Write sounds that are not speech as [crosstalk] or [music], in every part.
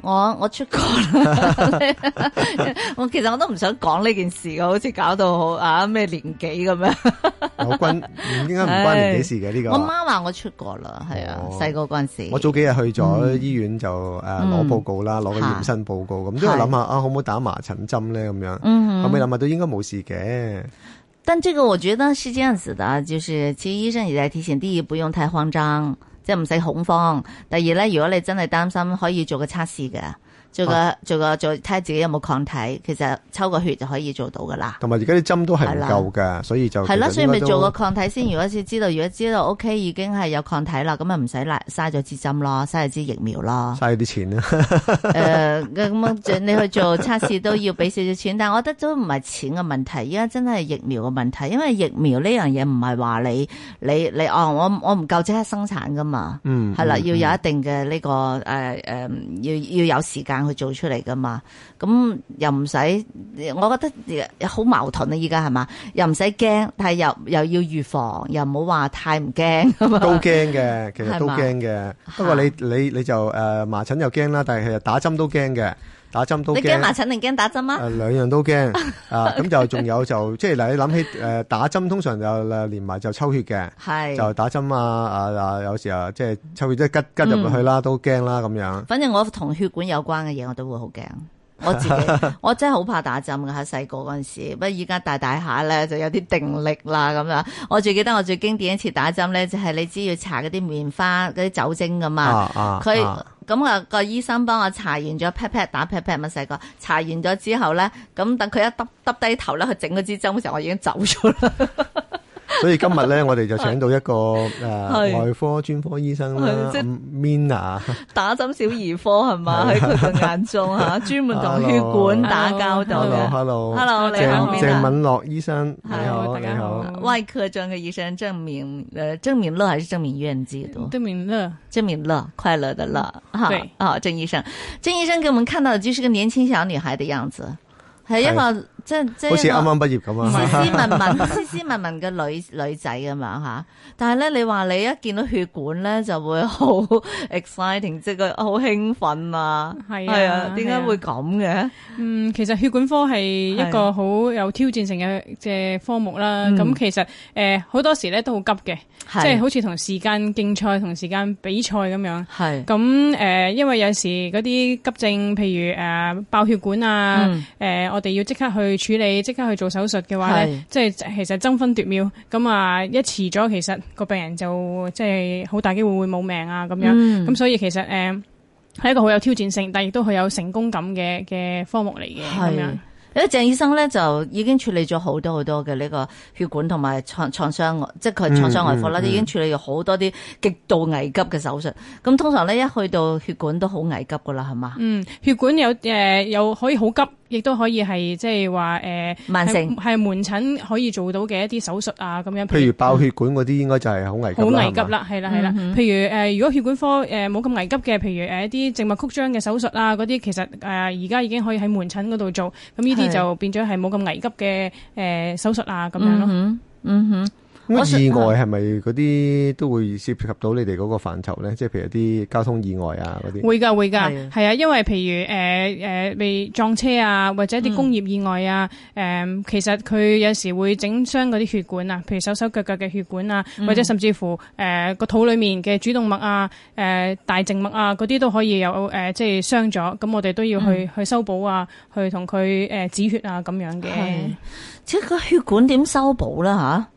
我我出過啦，我其實我都唔想講呢件事嘅，好似搞到好啊咩年紀咁樣，我關應該唔關年紀事嘅呢個。我媽話我出過啦，係啊，細個嗰陣時。我早幾日去咗醫院就誒攞報告啦，攞個驗身報告，咁都係諗下啊，可唔可以打麻疹針咧？咁樣，後尾諗下都應該冇事嘅。但這個我覺得是這樣子的，就是其實醫生也在提醒，第一不用太慌張。即係唔使恐慌。第二呢，如果你真係擔心，可以做個測試㗎。做個做個做，睇下自己有冇抗體，其實抽個血就可以做到噶啦。同埋而家啲針都係唔夠嘅，所以就係啦，所以咪做個抗體先。如果先知道，如果知道 OK 已經係有抗體啦，咁咪唔使喇，嘥咗支針咯，嘥咗支疫苗咯，嘥咗啲錢啦、啊呃。誒，咁樣你去做測試都要俾少少錢，但係我覺得都唔係錢嘅問題，而家真係疫苗嘅問題，因為疫苗呢樣嘢唔係話你你你哦，我我唔夠即刻生產噶嘛，嗯，係啦，要有一定嘅呢、這個誒誒、呃呃，要要有時間。佢做出嚟㗎嘛，咁又唔使，我覺得好矛盾啊！依家係嘛，又唔使驚，但係又又要預防，又唔好話太唔驚嘛。都驚嘅，其實都驚嘅。不過吧你你你就誒麻疹又驚啦，但係其實打針都驚嘅。打針都驚，你驚麻疹定驚打針啊？兩樣都驚啊！咁就仲有就即係嗱，你諗起誒打針通常就連埋就抽血嘅，是就打針啊啊！有時候即係抽血即係吉吉入去、嗯、怕啦，都驚啦咁樣。反正我同血管有關嘅嘢，我都會好驚。 [laughs] 我自己，我真係好怕打針噶吓，細個嗰陣時，不過依家大大下咧就有啲定力啦咁樣。我最記得我最經典一次打針咧，就係、是、你知要搽嗰啲棉花嗰啲酒精噶嘛。佢咁啊,啊、那個醫生幫我搽完咗 pat pat 打 pat pat 乜細個，搽完咗之後咧，咁等佢一耷耷低頭咧去整嗰支針嘅時候，我已經走咗啦。所以今日咧，我哋就請到一個誒外科專科醫生啦，即 Mina 打針小兒科係嘛，喺佢嘅眼中，吓，專門同血管打交道嘅。Hello，Hello，Hello，鄭鄭敏樂醫生，你好，大家好。外科長嘅醫生鄭敏，誒，鄭敏樂還是鄭敏願記多鄭敏樂，鄭敏樂，快樂的樂。對，哦，鄭醫生，鄭醫生給我們看到的就是個年輕小女孩的樣子，係一個。即係好似啱啱畢業咁啊，斯斯文文、斯斯文文嘅女女仔咁樣吓。但係咧，你話你一見到血管咧，就會好 exciting，即係個好興奮啊。係啊，點解、啊、會咁嘅？嗯，其實血管科係一個好有挑戰性嘅即係科目啦。咁、啊、其實誒好、呃、多時咧都急、啊、好急嘅，即係好似同時間競賽、同時間比賽咁樣。係咁誒，因為有時嗰啲急症，譬如誒、呃、爆血管啊，誒、嗯呃、我哋要即刻去。處理，即刻去做手術嘅話咧，是即係其實爭分奪秒，咁啊一遲咗，其實個病人就即係好大機會會冇命啊咁、嗯、樣，咁所以其實誒係、呃、一個好有挑戰性，但亦都好有成功感嘅嘅科目嚟嘅，咁樣。咧，鄭醫生咧就已經處理咗好多好多嘅呢、呢個血管同埋創創傷，即係佢創傷外科啦。啲、嗯嗯嗯、已經處理咗好多啲極度危急嘅手術。咁通常咧一去到血管都好危急噶啦，係嘛？嗯，血管有誒、呃、又可以好急，亦都可以係即係話誒慢性，係門診可以做到嘅一啲手術啊咁樣。譬如爆血管嗰啲，應該就係好危急。好、嗯、危急啦，係啦係啦。嗯、哼譬如誒、呃，如果血管科冇咁、呃、危急嘅，譬如誒一啲靜脈曲張嘅手術啊，嗰啲其實誒而家已經可以喺門診嗰度做。咁呢啲就變咗係冇咁危急嘅誒、呃、手術啊，咁樣咯、嗯。嗯哼。意外係咪嗰啲都會涉及到你哋嗰個範疇咧？即係譬如啲交通意外啊嗰啲，會噶會噶係啊！因為譬如誒誒，被、呃、撞車啊，或者啲工業意外啊，誒、嗯呃，其實佢有時會整傷嗰啲血管啊，譬如手手腳腳嘅血管啊，嗯、或者甚至乎誒個、呃、肚裏面嘅主動脈啊、誒、呃、大靜脈啊嗰啲都可以有誒、呃、即係傷咗，咁我哋都要去、嗯、去修補啊，去同佢誒止血啊咁樣嘅。即、那、係個血管點修補啦吓？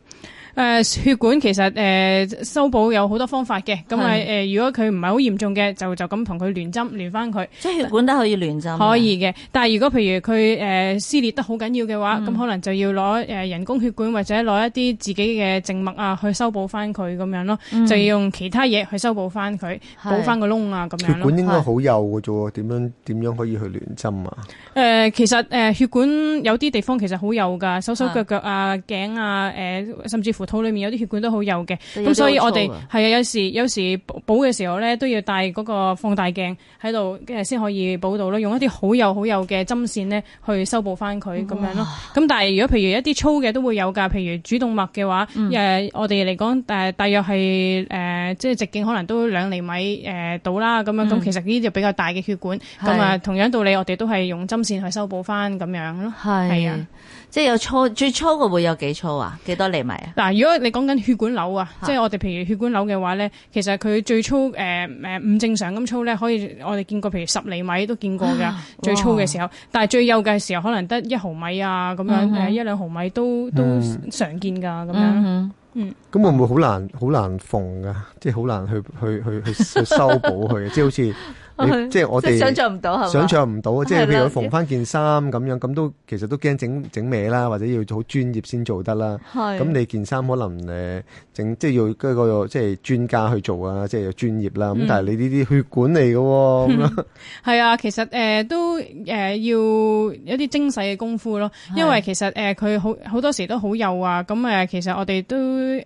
誒、呃，血管其實誒、呃、修補有好多方法嘅，咁啊誒，如果佢唔係好嚴重嘅，就就咁同佢聯針聯翻佢，即係血管都可以聯針、啊，可以嘅。但係如果譬如佢誒、呃、撕裂得好緊要嘅話，咁、嗯、可能就要攞誒人工血管或者攞一啲自己嘅靜脈啊去修補翻佢咁樣咯，嗯、就要用其他嘢去修補翻佢，補翻個窿啊咁樣。血管應該好幼嘅啫，點樣點樣可以去聯針啊？誒、呃，其實誒、呃、血管有啲地方其實好幼噶，手手腳腳啊、頸啊、誒、呃、甚至乎。肚裏面有啲血管都好幼嘅，咁、嗯、所以我哋係啊，有時有時補嘅時候咧，都要帶嗰個放大鏡喺度，跟住先可以補到咯。用一啲好幼好幼嘅針線咧，去修補翻佢咁樣咯。咁但係如果譬如一啲粗嘅都會有噶，譬如主動脈嘅話，誒、嗯呃、我哋嚟講，誒大約係誒、呃、即係直徑可能都兩厘米誒到啦。咁、呃、樣咁、嗯、其實呢條比較大嘅血管，咁是的啊同樣道理，我哋都係用針線去修補翻咁樣咯。係啊。即係有粗，最粗個會有幾粗啊？幾多厘米啊？嗱，如果你講緊血管瘤啊，即係我哋譬如血管瘤嘅話咧，其實佢最粗誒誒、呃呃、唔正常咁粗咧，可以我哋見過，譬如十厘米都見過㗎，啊、最粗嘅時候，哇但係最幼嘅時候可能得一毫米啊咁樣、嗯哼呃，一兩毫米都都常見㗎咁樣。嗯，哼嗯，咁會唔會好難好難縫㗎？即係好難去 [laughs] 去去去，去修補佢，即係好似。是即係我哋想象唔到，想象唔到，是即係譬如縫翻件衫咁樣，咁都其實都驚整整歪啦，或者要好專業先做得啦。咁你件衫可能誒整、呃，即係要、一個即係專家去做，啊，即係要專業啦。咁但係你呢啲血管嚟嘅，咁、嗯、樣係啊，其實誒、呃、都誒、呃、要有一啲精細嘅功夫咯。因為其實誒佢好好多時都好幼啊。咁誒其實我哋都誒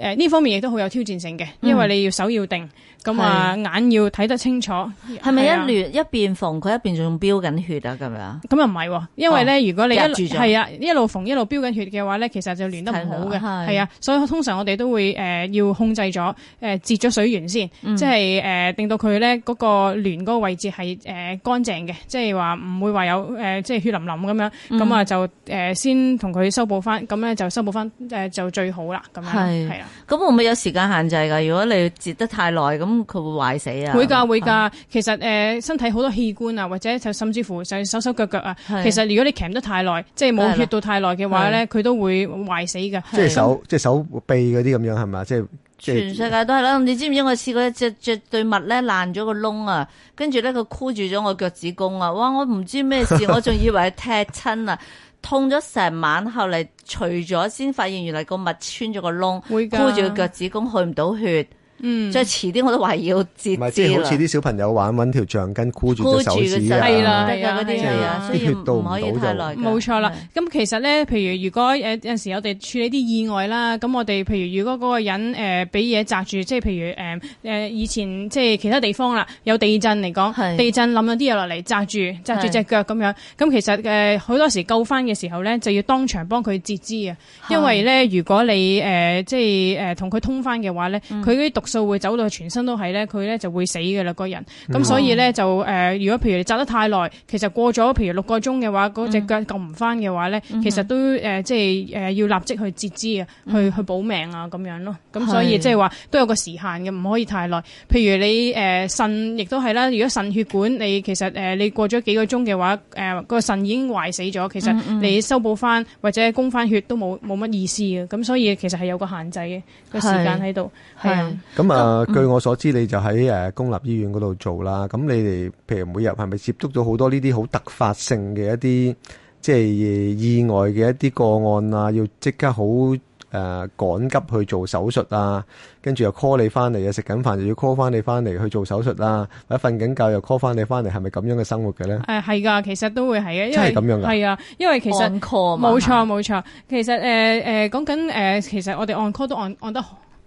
誒呢方面亦都好有挑戰性嘅，因為你要手要定。咁啊，眼要睇得清楚，係咪一連一邊縫佢一邊仲飆緊血啊？咁樣？咁又唔係、啊，因為咧，哦、如果你一係啊一路縫一路飆緊血嘅話咧，其實就縫得唔好嘅。係啊的，所以通常我哋都會誒、呃、要控制咗誒、呃、截咗水源先，嗯、即係誒、呃、令到佢咧嗰個縫嗰個位置係誒乾淨嘅，即係話唔會話有誒即係血淋淋咁樣。咁啊、嗯、就誒、呃、先同佢修補翻，咁咧就修補翻誒就最好啦。咁樣係啊。咁的會唔會有時間限制噶？如果你截得太耐咁。佢會壞死啊！會噶會噶，其實誒、呃，身體好多器官啊，或者甚至乎手手腳腳啊，的其實如果你鉗得太耐，即係冇血到太耐嘅話咧，佢的都會壞死噶。即係手，即係手臂嗰啲咁樣係咪？即係即係。全世界都係啦，的你知唔知我試過一隻隻對襪咧爛咗個窿啊，跟住咧佢箍住咗我腳趾公啊，哇！我唔知咩事，我仲以為踢親啊， [laughs] 痛咗成晚，後嚟除咗先發現，原來個襪穿咗個窿，箍的住個腳趾公去唔到血。嗯，即係遲啲我都懷疑要截肢，唔係即係好似啲小朋友玩搵條橡筋箍住隻手指啊？係啦，得噶嗰啲係啊，啲血導唔可以太耐，冇錯啦。咁其實咧，譬如如果誒有陣時我哋處理啲意外啦，咁我哋譬如如果嗰個人誒俾嘢紮住，即係譬如誒誒以前即係其他地方啦，有地震嚟講，地震冧咗啲嘢落嚟紮住紮住隻腳咁樣，咁其實誒好多時救翻嘅時候咧，就要當場幫佢截肢啊，因為咧如果你誒即係誒同佢通翻嘅話咧，佢啲毒。數會走到全身都係咧，佢咧就會死嘅啦，個人。咁所以咧、嗯、就誒，如、呃、果譬如你紮得太耐，其實過咗譬如六個鐘嘅話，嗰隻腳救唔翻嘅話咧，嗯、哼其實都誒、呃、即係誒、呃、要立即去截肢啊，去、嗯、去保命啊咁樣咯。咁所以即係話都有個時限嘅，唔可以太耐。譬如你誒腎、呃、亦都係啦，如果腎血管你其實誒、呃、你過咗幾個鐘嘅話，誒個腎已經壞死咗，其實你修補翻或者供翻血都冇冇乜意思嘅。咁所以其實係有個限制嘅個是時間喺度，係啊。咁啊，嗯、據我所知，你就喺誒公立醫院嗰度做啦。咁你哋譬如每日係咪接觸咗好多呢啲好突發性嘅一啲即係意外嘅一啲個案啊？要即刻好誒、呃、趕急去做手術啊？跟住又 call 你翻嚟啊，食緊飯就要 call 翻你翻嚟去做手術啦，或者瞓緊覺又 call 翻你翻嚟，係咪咁樣嘅生活嘅咧？誒係㗎，其實都會係啊，因為係啊，因為其實 on call 冇錯冇錯冇錯，其實誒誒講緊誒，其實我哋 on call 都 on on 得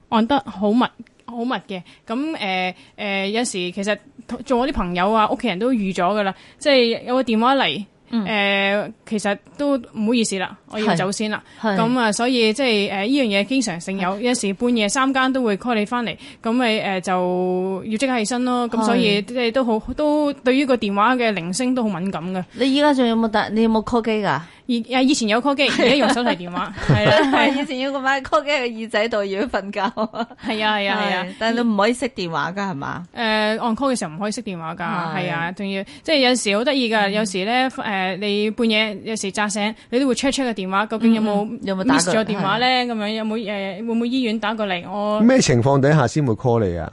on 得好密。.好密嘅，咁誒誒，有時其實做我啲朋友啊，屋企人都預咗噶啦，即係有個電話嚟誒、嗯呃，其實都唔好意思啦，我要走先啦。咁啊是，所以即係誒呢樣嘢經常性有，是 有時半夜三更都會 call 你翻嚟，咁咪誒就要即刻起身咯。咁是 所以即係都好，都對於個電話嘅鈴聲都好敏感㗎。你依家仲有冇打？你有冇 call 機噶？以前有 call 機，而家用手提電話。係啦，係以前要個買 call 機個耳仔度要瞓覺。係啊，係啊，係啊，啊啊啊啊但係你唔可以熄電話噶，係嘛？誒、呃，按 call 嘅時候唔可以熄電話噶。係是 啊，仲要即係有時好得意噶，嗯、有時咧誒、呃，你半夜有時扎醒，你都會 check check 個電話，究竟有冇有冇 miss 咗電話咧？咁樣有冇誒、呃，會唔會醫院打過嚟？我咩情況底下先會 call 你啊？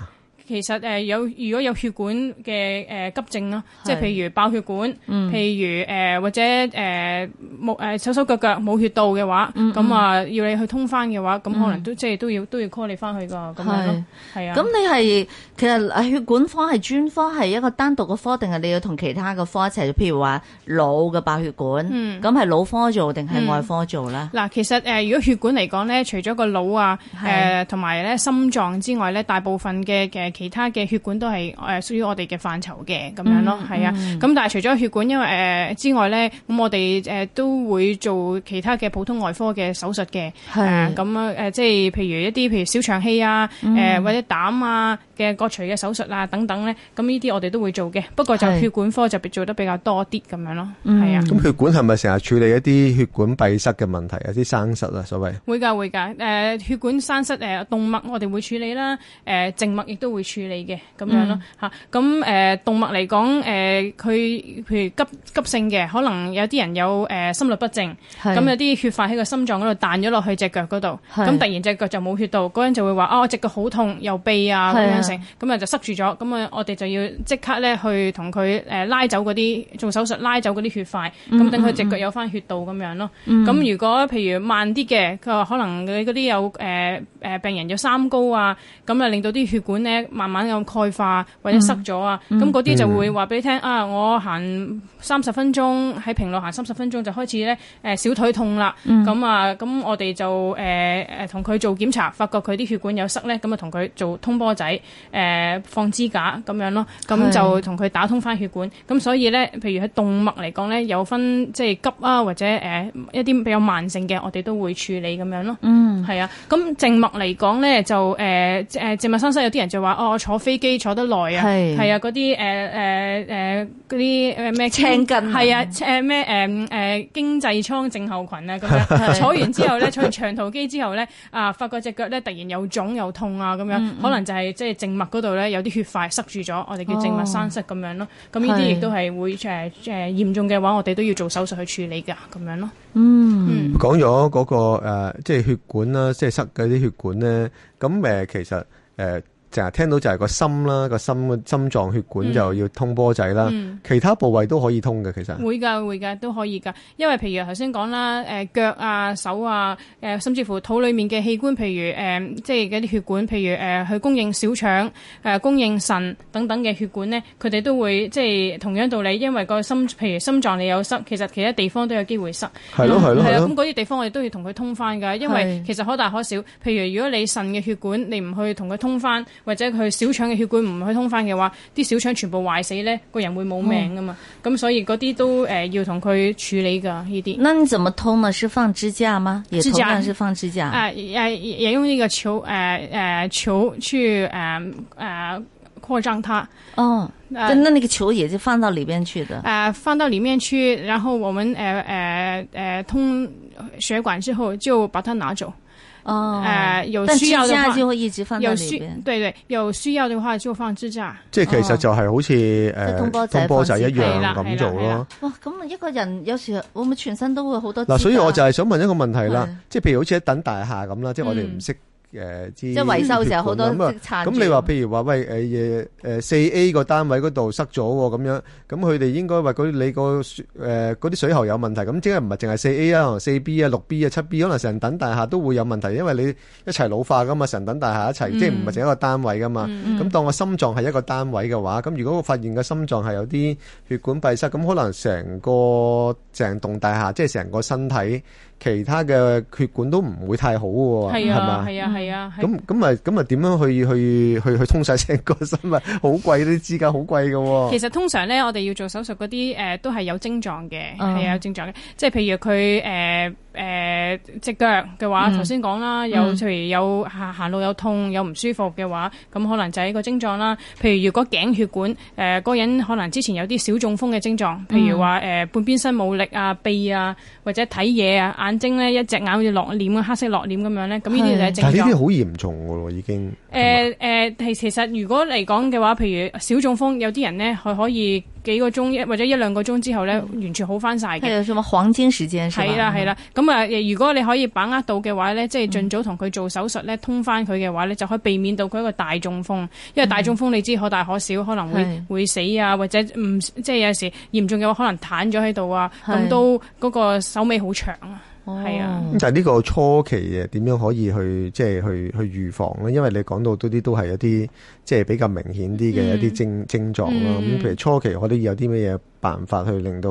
其實誒有、呃、如果有血管嘅誒、呃、急症啦，即係是譬如爆血管，嗯、譬如誒、呃、或者誒冇誒手手腳腳冇血道嘅話，咁啊、嗯嗯、要你去通返嘅話，咁、嗯、可能都即係都要都要 call 你返去噶咁是樣咯。係啊，咁你係其實血管科係專科係一個單獨嘅科，定係你要同其他嘅科一齊？譬如話腦嘅爆血管，咁係腦科做定係外科做咧？嗱、嗯，其實誒、呃、如果血管嚟講咧，除咗個腦啊誒同埋咧心臟之外咧，大部分嘅嘅，其他嘅血管都係誒屬於我哋嘅範疇嘅咁樣咯，係啊。咁但係除咗血管，因為誒之外咧，咁我哋誒都會做其他嘅普通外科嘅手術嘅，係啊。咁啊誒，即係譬如一啲譬如小腸氣啊，誒或者膽啊嘅割除嘅手術啊等等咧，咁呢啲我哋都會做嘅。不過就血管科就做得比較多啲咁樣咯，係啊。咁血管係咪成日處理一啲血管閉塞嘅問題啊？有啲生塞啊，所謂會㗎會㗎。誒血管生塞誒動脈我哋會處理啦，誒靜脈亦都會處理嘅咁樣咯，吓咁誒動脈嚟講，誒、呃、佢譬如急急性嘅，可能有啲人有誒、呃、心律不正，咁是、嗯、有啲血塊喺個心臟嗰度彈咗落去隻腳嗰度，咁突然隻腳就冇血道，嗰人就會話啊我隻腳好痛又痹啊咁樣成，咁啊就塞住咗，咁啊我哋就要即刻咧去同佢誒拉走嗰啲做手術拉走嗰啲血塊，咁等佢隻腳有翻血道咁樣咯。咁、嗯嗯、如果譬如慢啲嘅，佢話可能佢嗰啲有誒誒、呃呃、病人有三高啊，咁啊令到啲血管咧。慢慢有鈣化或者塞咗啊，咁嗰啲就會話俾你聽、嗯、啊！我行三十分鐘，喺平路行三十分鐘就開始咧，誒小腿痛啦。咁啊、嗯，咁我哋就誒誒同佢做檢查，發覺佢啲血管有塞咧，咁啊同佢做通波仔，誒、呃、放支架咁樣咯。咁是就同佢打通翻血管。咁所以咧，譬如喺動脈嚟講咧，有分即係急啊，或者誒、呃、一啲比較慢性嘅，我哋都會處理咁樣咯。嗯，係啊。咁靜脈嚟講咧，就誒誒靜脈栓塞有啲人就話。哦，坐飛機坐得耐啊，係係、呃呃呃、啊，嗰啲誒誒嗰啲咩青筋啊，咩誒誒經濟艙症，症候群啊，咁、那、樣、個、坐完之後咧，坐完長途機之後咧，啊，發覺隻腳咧突然有腫有痛啊，咁樣嗯嗯可能就係即係靜脈嗰度咧有啲血塊塞住咗，我哋叫靜脈栓塞咁樣咯。咁呢啲亦都係會誒誒嚴重嘅話，我哋都要做手術去處理㗎，咁樣咯。嗯，講講咗嗰個即係、呃就是、血管啦，即、就、係、是、塞嗰啲血管咧，咁、呃、其實誒。呃就係聽到就係個心啦，個心心臟血管就要通波仔啦。嗯嗯、其他部位都可以通嘅，其實會㗎會㗎都可以㗎。因為譬如頭先講啦，誒、呃、腳啊手啊，誒、呃、甚至乎肚裏面嘅器官，譬如誒、呃、即係嗰啲血管，譬如誒、呃、去供應小腸、呃、供應腎等等嘅血管呢，佢哋都會即係同樣道理，因為個心譬如心臟你有塞，其實其他地方都有機會塞。係咯係咯係啊。咁嗰啲地方我哋都要同佢通翻㗎，的因為其實可大可小。譬如如果你腎嘅血管你唔去同佢通翻。或者佢小腸嘅血管唔去通返嘅話，啲小腸全部壞死咧，個人會冇命㗎嘛。咁、嗯、所以嗰啲都誒、呃、要同佢處理㗎呢啲。那你怎麼通呢？是放支架嗎？支架是放支架。支架啊,啊，啊，也用呢個球，誒誒，球去誒誒擴張它。哦，那、啊、那那個球也是放到裏邊去的。啊，放到裏面去，然後我們誒誒誒通血管之後就把它拿走。哦，誒、呃，有需要嘅話，就會一直放有需對，對對，有需要嘅話就放支架。嗯、即係其實就係好似誒，通波仔一樣咁做咯。哇，咁一個人有時會唔會全身都會好多？嗱、啊，所以我就係想問一個問題啦，即係了譬如好似一等大廈咁啦，了即係我哋唔識。誒，呃、即係維修成好多，咁咁你話譬如話喂，誒誒四 A 個單位嗰度塞咗咁樣，咁佢哋應該話佢你個誒嗰啲水喉有問題，咁即係唔係淨係四 A 啊，四 B 啊，六 B 啊，七 B，可能成棟大廈都會有問題，因為你一齊老化㗎嘛，成棟大廈一齊，嗯、即係唔係淨一個單位㗎嘛，咁、嗯嗯、當個心臟係一個單位嘅話，咁如果我發現個心臟係有啲血管閉塞，咁可能成個成棟大廈，即係成個身體。其他嘅血管都唔會太好喎，係係啊，係吧啊，係啊。咁咁啊，咁啊，點樣去去去去通晒成個心啊？好貴啲支架，好貴喎。其實通常咧，我哋要做手術嗰啲，誒、呃，都係有症狀嘅，係、啊、有症狀嘅。即係譬如佢，誒、呃、誒，隻腳嘅話，頭先講啦，有譬如有行路有痛有唔舒服嘅話，咁可能就係一個症狀啦。譬如如果頸血管，誒、呃，嗰個人可能之前有啲小中風嘅症狀，譬如話，誒、呃，半邊身冇力啊、痹啊，或者睇嘢啊、眼睛咧，一隻眼好似落瞼黑色落瞼咁樣咧，咁呢啲就係症狀。但係呢啲好嚴重嘅咯，已經。誒誒、呃，係、呃、其實如果嚟講嘅話，譬如小中風，有啲人咧佢可以幾個鐘，一或者一兩個鐘之後咧，嗯、完全好翻晒嘅。係啊，什麼黃金時間？係啦係啦，咁啊吧，如果你可以把握到嘅話咧，即係盡早同佢做手術咧，嗯、通翻佢嘅話咧，就可以避免到佢一個大中風。因為大中風你知、嗯、可大可小，可能會的會死啊，或者唔即係有陣時嚴重嘅話可能癱咗喺度啊，咁的都嗰個手尾好長啊。係啊，咁但係呢個初期嘅點樣可以去即係、就是、去去預防咧？因為你講到多啲都係一啲即係比較明顯啲嘅一啲症、嗯、症狀咯、啊。咁譬、嗯、如初期我都有啲咩嘢？辦法去令到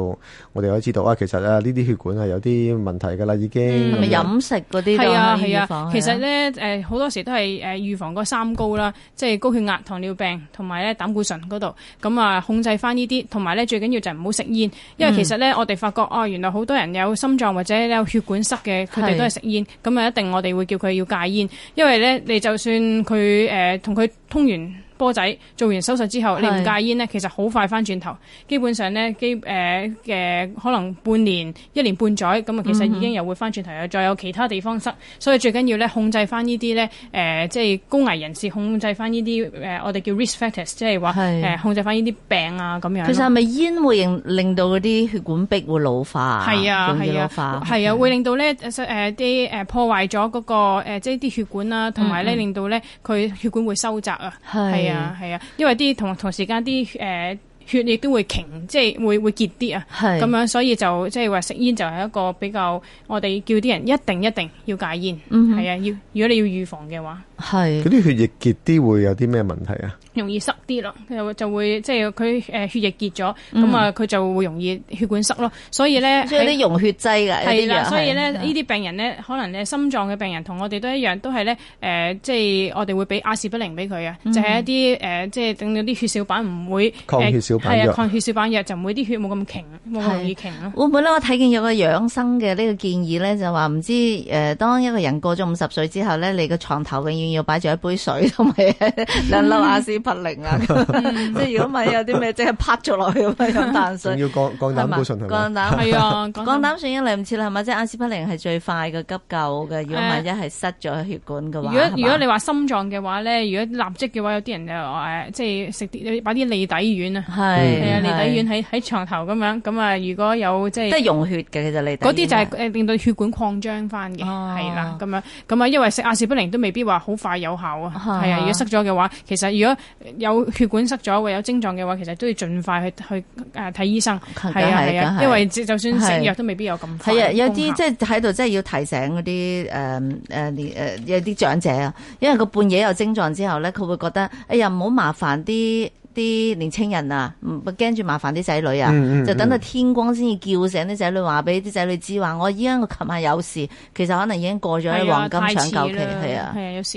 我哋可以知道啊，其實啊呢啲血管係有啲問題㗎啦，已經。係咪飲食嗰啲？係啊係啊，其實咧誒好多時都係誒預防個三高啦，嗯、即係高血壓、糖尿病同埋咧膽固醇嗰度，咁、嗯、啊、嗯、控制翻呢啲，同埋咧最緊要就係唔好食煙，嗯、因為其實咧我哋發覺哦、啊、原來好多人有心臟或者有血管塞嘅，佢哋都係食煙，咁啊是一定我哋會叫佢要戒煙，因為咧你就算佢誒同佢通完。波仔做完手術之後，你唔戒煙咧，其實好快翻轉頭。基本上咧，基誒嘅可能半年，一年半載，咁啊，其實已經又會翻轉頭，又再有其他地方塞，所以最緊要咧控制翻呢啲咧誒，即係高危人士控制翻呢啲誒，我哋叫 risk factors，即係話誒控制翻呢啲病啊咁樣。其實係咪煙會令令到嗰啲血管壁會老化？係啊係啊，係啊，啊，會令到咧誒啲誒破壞咗、嗰個，個、呃、即係啲血管啦，同埋咧令到咧佢血管會收窄，嗯、啊。係。係啊，係啊，因為啲同同時間啲誒血液都會凝，即係會會結啲啊，係，咁樣所以就即係話食煙就係一個比較，我哋叫啲人一定一定要戒煙，嗯哼，係啊，要如果你要預防嘅話。係啲是血液結啲會有啲咩問題啊？容易塞啲咯，就會就會即係佢誒血液結咗，咁啊佢就會容易血管塞咯。所以咧是，所以啲溶血劑噶係啦。所以咧呢啲病人咧，可能誒心臟嘅病人同我哋都一樣，都係咧誒，即、呃、係、就是、我哋會俾阿士不靈俾佢啊，就係、是、一啲誒，即係等等啲血小板唔會抗血小板係啊，抗血小板藥就唔會啲血冇咁凝，冇是咁容易凝咯。會唔會咧？我睇見有個養生嘅呢個建議咧，就話唔知誒、呃，當一個人過咗五十歲之後咧，你個床頭永要擺住一杯水同埋兩粒阿司匹靈啊！即係如果萬一有啲咩，即係啪咗落去咁樣飲淡水。要降降膽固醇，膽係啊，降膽固醇又嚟唔切啦，係咪？即係阿司匹靈係最快嘅急救嘅。如果萬一係塞咗血管嘅話，如果如果你話心臟嘅話咧，如果立即嘅話，有啲人就話，即係食啲擺啲利底丸啊。係係啊，利底丸喺喺牆頭咁樣。咁啊，如果有即係即係溶血嘅，其實利底嗰啲就係誒令到血管擴張翻嘅，係啦，咁樣咁啊，因為食阿司匹靈都未必話好。快有效啊，係啊！如果塞咗嘅話，其實如果有血管塞咗會有症狀嘅話，其實都要盡快去去誒睇、啊、醫生，係啊係啊，因為就算食藥都未必有咁快。係啊，有啲即係喺度，即係要提醒嗰啲誒誒誒有啲長者啊，因為個半夜有症狀之後咧，佢會覺得哎呀唔好麻煩啲。啲年青人啊，唔驚住麻煩啲仔女啊，就等到天光先至叫醒啲仔女，話俾啲仔女知話：我依家我琴日有事，其實可能已經過咗黃金搶救期。係啊，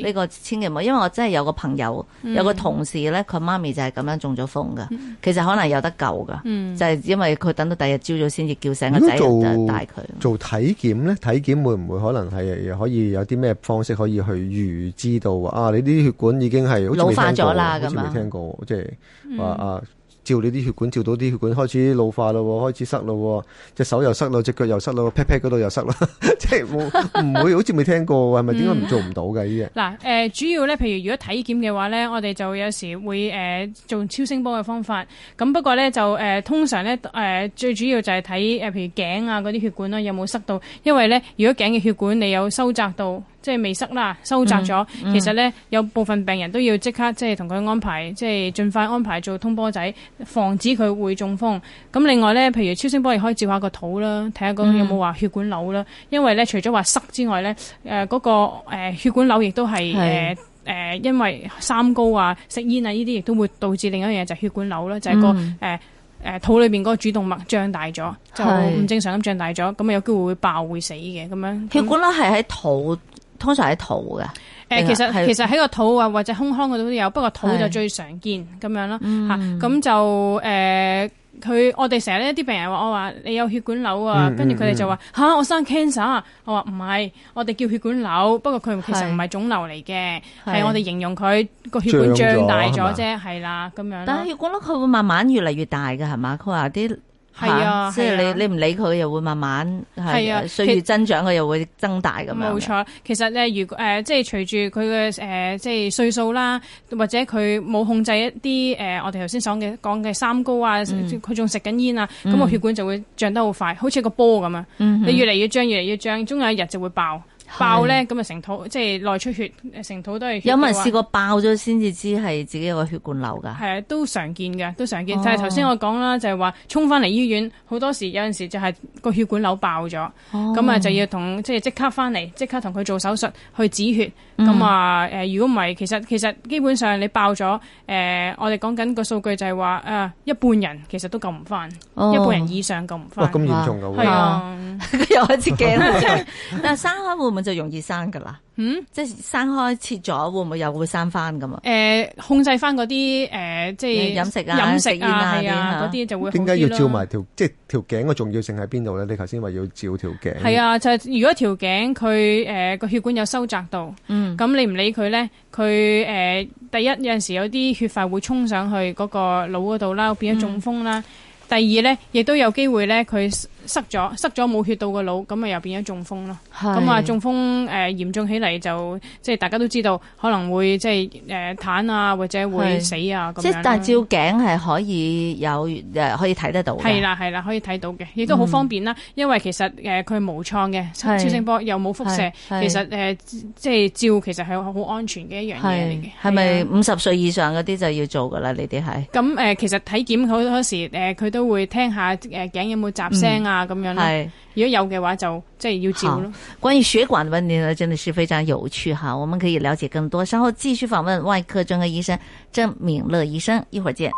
呢個千祈唔好，因為我真係有個朋友，有個同事咧，佢、嗯、媽咪就係咁樣中咗風嘅。嗯、其實可能有得救嘅，嗯、就係因為佢等到第二日朝早先至叫醒個仔，就帶佢做體檢咧。體檢會唔會可能係可以有啲咩方式可以去預知到啊？你啲血管已經係老化咗啦，咁好似未聽過，即係。話、嗯、啊，照你啲血管，照到啲血管開始老化咯，開始塞咯，隻手又塞咯，隻腳又塞咯 pat pat 嗰度又塞咯，即係冇唔會， [laughs] 會好似未聽過，係咪點解唔做唔到嘅呢？嘢嗱，誒、呃，主要咧，譬如如果體檢嘅話咧，我哋就有時會誒、呃、做超聲波嘅方法，咁不過咧就誒、呃、通常咧誒、呃、最主要就係睇誒譬如頸啊嗰啲血管啦，有冇塞到，因為咧如果頸嘅血管你有收窄到。即係未塞啦，收窄咗。嗯嗯、其實咧，有部分病人都要刻即刻即係同佢安排，即係盡快安排做通波仔，防止佢會中風。咁另外咧，譬如超聲波亦可以照下個肚啦，睇下個有冇話血管瘤啦。嗯、因為咧，除咗話塞之外咧，誒、呃、嗰、嗰個血管瘤亦都係誒因為三高啊、食煙啊呢啲，亦都會導致另一樣嘢就係、血管瘤啦，嗯、就係、嗰個誒誒、呃、肚裏邊嗰個主動脈脹大咗，就唔正常咁脹大咗，咁啊是有機會會爆會死嘅。咁樣血管瘤啦係喺肚。通常喺肚嘅，其實其實喺個肚啊或者胸腔嗰度都有，不過肚就最常見咁是樣咯嚇。咁、嗯、就誒佢、呃、我哋成日呢一啲病人話我話你有血管瘤啊，跟住佢哋就話吓、嗯嗯，我生 cancer 啊，我話唔係，我哋叫血管瘤，不過佢其實唔係腫瘤嚟嘅，係是我哋形容佢個血管大脹大咗啫，係啦咁樣。但係血管瘤佢會慢慢越嚟越大嘅係嘛？佢話啲。係啊，啊是啊即係你是、啊、你唔理佢，又會慢慢係啊，歲、啊、月增長佢其又會增大咁樣。冇錯，其實咧，如果誒、呃，即係隨住佢嘅誒，即係歲數啦，或者佢冇控制一啲誒、呃，我哋頭先講嘅講嘅三高啊，佢仲食緊煙啊，咁個、嗯、血管就會脹得好快，好似個波咁啊，嗯、哼你越嚟越脹，越嚟越脹，終有一日就會爆。爆咧咁啊，成肚即係內出血，成肚都係。有冇人試過爆咗先至知係自己有個血管瘤噶？係啊，都常見嘅，都常見。就係頭先我講啦，就係話衝翻嚟醫院，好多時有陣時就係個血管瘤爆咗，咁啊、哦、就要同即係即刻翻嚟，即刻同佢做手術去止血。咁啊、嗯，誒、呃，如果唔係，其實其實基本上你爆咗，誒、呃，我哋講緊個數據就係話啊，一半人其實都救唔翻，哦、一半人以上救唔翻，哇，咁嚴重噶？係啊，又一支頸，但係生開會唔就容易生噶啦，嗯，即係生開切咗會唔會又會生翻咁啊？誒、呃，控制翻嗰啲誒，即係飲食、飲食啊啲啊嗰啲就會。點解要照埋條、啊、即係條頸嘅重要性喺邊度咧？你頭先話要照條頸。係啊，就係、是、如果條頸佢誒個血管有收窄度，嗯，咁你唔理佢咧，佢誒、呃、第一有陣時有啲血塊會衝上去嗰個腦嗰度啦，變咗中風啦。嗯、第二咧，亦都有機會咧，佢。塞咗，塞咗冇血到個腦，咁咪又變咗中風咯。咁啊是，中風誒、呃、嚴重起嚟就即係大家都知道，可能會即係誒癱啊，或者會死啊，咁即係，但係照頸係可以有誒、呃，可以睇得到嘅。係啦，係啦，可以睇到嘅，亦都好方便啦。嗯、因為其實誒佢、呃、無創嘅超聲波，是又冇輻射，是其實誒即係照其實係好安全嘅一樣嘢嚟嘅。係咪五十歲以上嗰啲就要做㗎啦？呢啲係。咁誒、呃，其實體檢好多時誒，佢、呃、都會聽下誒、呃、頸有冇雜聲啊。嗯咁樣啦，是如果有嘅話就即係要照咯。關於血管嘅問題呢，真的是非常有趣哈，我們可以了解更多。稍後繼續訪問外科專科醫生鄭敏樂醫生，一會兒見。